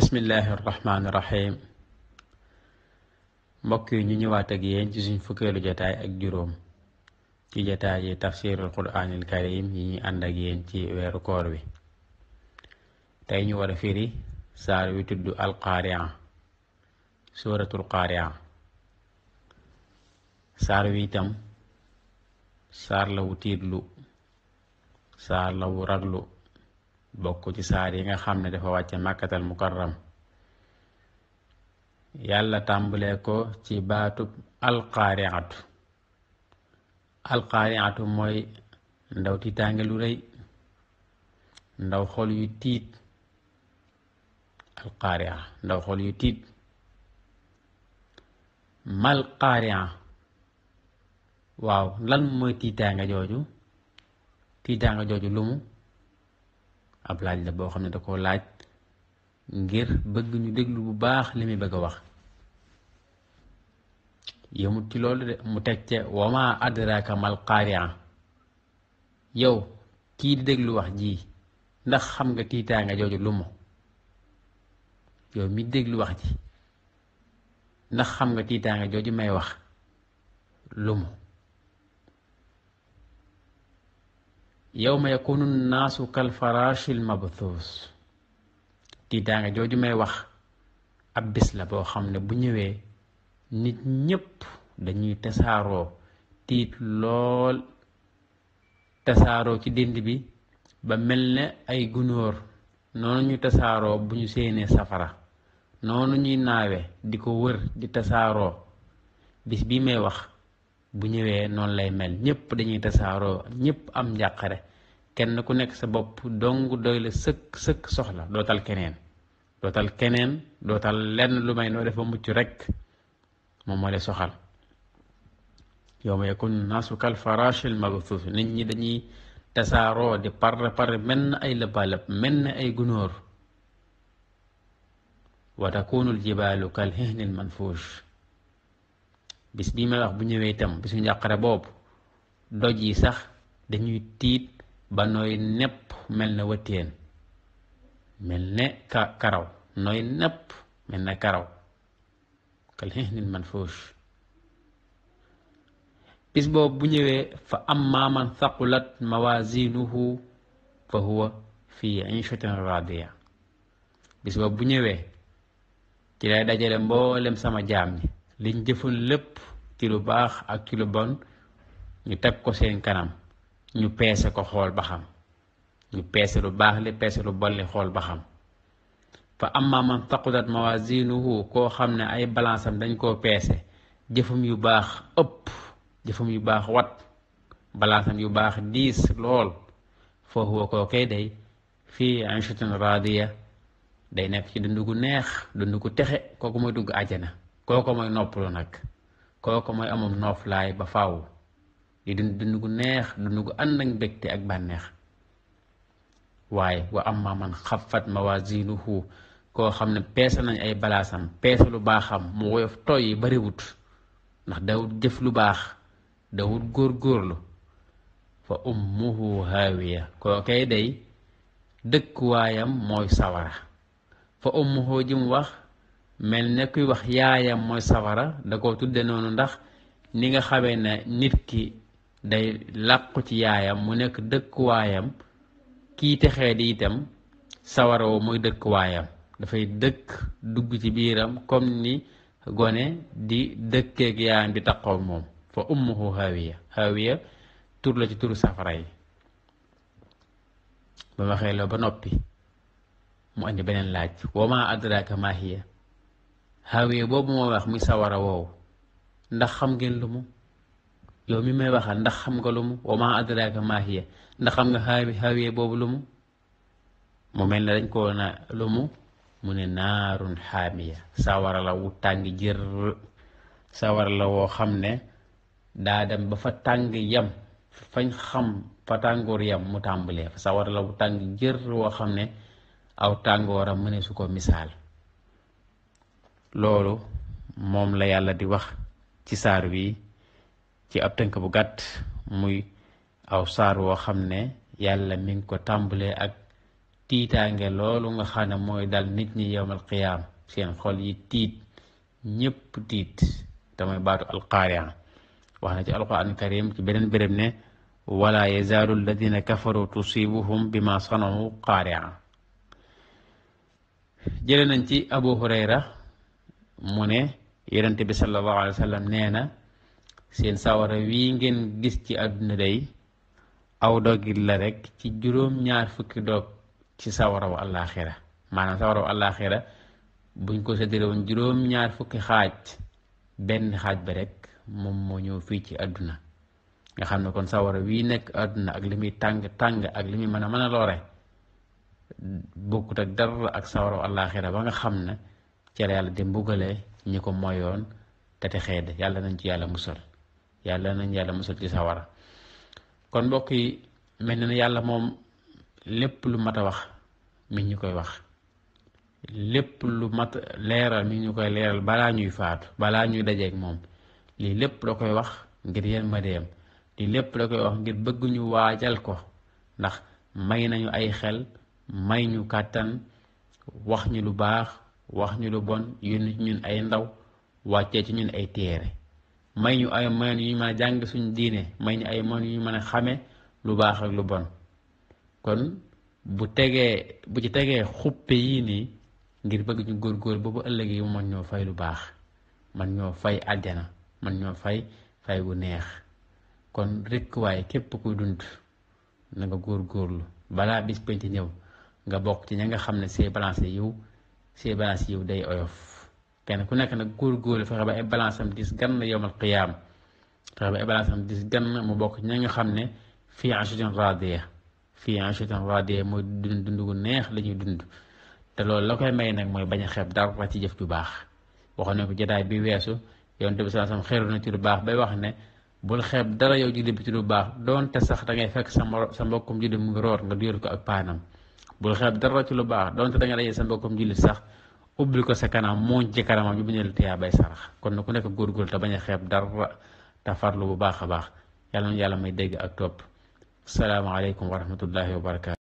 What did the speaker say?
bismillahi rahmaani rahim mbokk yi ñu ñëwaat ak yéen ci suñ fukkeelu jataay ak juróom ci jataay yi tafsirul quraanil karim yi ñuy ànd ak yéen ci weeru koor wi tey ñu war a firi saar wi tudd alqaaria suuratul qaaria saar wi itam saar la wu tiitlu saar la wu raglu bokk ci saar yi nga xam ne dafa wàcce màkkatal mukarram yàlla tàmbalee ko ci baatub alqaariatu alqaariatu mooy ndaw tiitaange lu rëy ndaw xool yu tiit alqaaria ndaw xool yu tiit mal qaaria waaw lan mooy tiitaange jooju tiitaange jooju lumu ab laaj la boo xam ne da koo laaj ngir bëgg ñu déglu bu baax li muy bëgg a wax yëmut ci loolu de mu teg ce wama adraka mal yow kii di déglu wax ji ndax xam nga tiitaanga jooju lu mu yow mi déglu wax ji ndax xam nga tiitaanga jooju may wax lu mu yawma yakunu naasu kal farashil mabthus tiitaange jooju may wax ab bis la boo xam ne bu ñëwee nit ñépp dañuy tasaaroo tiit lool tasaaroo ci dënd bi ba mel ne ay gunóor noonu ñu tasaaroo bu ñu séenee safara noonu ñuy naawe di ko wër di tasaaroo bis bii may wax bu ñëwee noonu lay mel ñépp dañuy tasaaroo ñépp am njàqare kenn ku nekk sa bopp dong doy sëkk sëkk soxla dootal keneen dootal keneen dootal lenn lu may noo def mucc rekk moom moo lay soxal yawma yakunu naasu kal faraashil mabsuus nit ñi dañuy tasaaroo di parre parre mel na ay lëppalëpp mel na ay gunóor wa takunul jibaalu kal hihnil manfuush bis bii may wax bu ñëwee itam bisu njàqare boobu doj yi sax dañuy tiit ba nooy nepp mel na wëttéen mel ne ka karaw nooy nepp mel na karaw kal xihnil manfuush bis boobu bu ñëwee fa ammaa man thaqulat mawazinuhu fa huwa fii ishatin radiya bis boobu bu ñëwee ci lay dajale mboolem sama jaam ñi liñ jëfoon lépp ci lu baax ak ci lu bon ñu teg ko seen kanam ñu peese ko xool ba xam ñu peese lu baax li peese lu bon li xool ba xam fa amma man taqulat mawazinuhu koo xam ne ay balance dañ koo peese jëfam yu baax ëpp jëfam yu baax wat balaasam yu baax diis lool fa huwa day fii anshatin radiya day nekk ci dund ku neex dund gu texe kooku ma dugg na kooku mooy noppalu nag kooku mooy amum nooflaay ba faaw. di dund neex dund ko ànd ak mbégte ak bànneex waaye wa amma man xafat mawazinuhu koo xam ne peese nañ ay balaasam peesa lu baaxam mu woyof tooy yi bariwut ndax dawut jëf lu baax dawut góorlu fa ummuhu haawiya kookay day dëkkuwaayam mooy sawara fa ummuhu ji mu wax mel ne kuy wax yaayam mooy sawara da ko tudde noonu ndax ni nga xamee ne nit ki day làqu ci yaayam mu nekk dëkkuwaayam kii texee di itam sawara woo mooy dëkkuwaayam dafay dëkk dugg ci biiram comme ni gone di dëkkeeg yaayam di taqoo moom fa ummuhu hawiya hawiya tur la ci turu safara yi ba ma xeeloo ba noppi mu andi beneen laaj wa ma adraka ma hiya hawiya boobu moo wax muy sawara woowu ndax xam ngeen lu mu yow mi may waxal ndax xam nga lu mu wa maa adraaka maa hiya ndax xam nga xaawiya boobu lu mu mu mel ne dañ koo na lu mu mu ne naarun xaamiya sawara la wu tàng jër sawara la woo xam ne daa dem ba fa yam mu tàmbalee fa sawara la wu tàng jër woo xam ne aw tàngooram mu ne su ko misaal loolu moom la yàlla di wax ci saar wi ci ab tënk bu gàtt muy aw saar woo xam ne yàlla mi ngi ko tàmbalee ak tiitaange loolu nga xam mooy dal nit ñi yowmal qiyaam seen xol yi tiit ñépp damay baatu alqaaria wax na ci alquraan karim ci beneen béréb ne wala yazaalu alladina kafaru tusibuhum bima sanau qaaria jële nañ ci abu hurayra mu ne yonente bi sallallahu alayhi wa sallam nee na seen sawara wii ngeen gis ci àdduna day aw doggit la rekk ci juróom ñaar fukki dog ci sawaraw àllaaxira maanaam sawaraw àllaaxira buñ ko séddale woon juróom ñaar xaaj benn xaaj ba rekk moom moo ñëw fii ci àdduna nga xam na kon sawara wi nekk àdduna ak li muy tàng tàng ak li muy mën a mën a loore bokkut ak dara ak sawaraw àllaaxira ba nga xam ne ci yàlla di mbugale ñi ko moyoon te texee de yàlla nañ ci yàlla musal yàlla nañ yàlla musal ci wara kon mbokk yi mel na yàlla moom lépp lu mat a wax mi ñu koy wax lépp lu mat leeral mi ñu koy leeral balaa ñuy faatu balaa ñuy dajeek moom lii lépp la koy wax ngir yéen ma deem lii lépp la koy wax ngir bëgguñu waajal ko ndax may nañu ay xel may ñu kàttan wax ñu lu baax wax ñu lu bon yónni ci ñun ay ndaw wàccee ci ñun ay téere may ñu ay moyen yu ñu mën a jàng suñu diine may ñu ay moyen yu ñu mën a xame lu baax ak lu bon kon bu tegee bu ci tegee xuppe yii nii ngir bëgg ñu góor góor boobu ëllëg yi man ñoo fay lu baax man ñoo fay àjjana man ñoo fay fay bu neex kon rekk waaye képp kuy dund na nga góor góorlu balaa bis penc ñëw nga bokk ci ña nga xam ne see balance yiw see balance yiw day oyof kenn ku nekk nag góor góor fexe ba ay balance am dis gann yowmal qiyaam fexe ba ay balance am dis mu bokk ña nga xam ne fii ashatin radiya fii ashatin radiya mooy dund dund gu neex la ñuy dund te loolu la koy may nag mooy bañ a xeeb dara ci jëf ju baax waxoon ne ko jotaay bi weesu yonent bi sallallahu alayhi wasallam na ci lu baax bay wax ne bul xeeb dara yow jullit bi ci lu baax donte sax da ngay fekk sa sa mbokkum jullit mu ngi root nga duyal ko ak paanam bul xeeb dara ci lu baax doonte da nga sa mbokkum jullit sax ubbil ko sa kanam mooñ ci kanamam ñu bañ a bay sarax kon na ku nekk góorgóor te bañ a xeeb dara te lu bu baax a baax yàlla na yàlla may dégg ak topp salaamaaleykum wa rahmatullahi wa barakaatu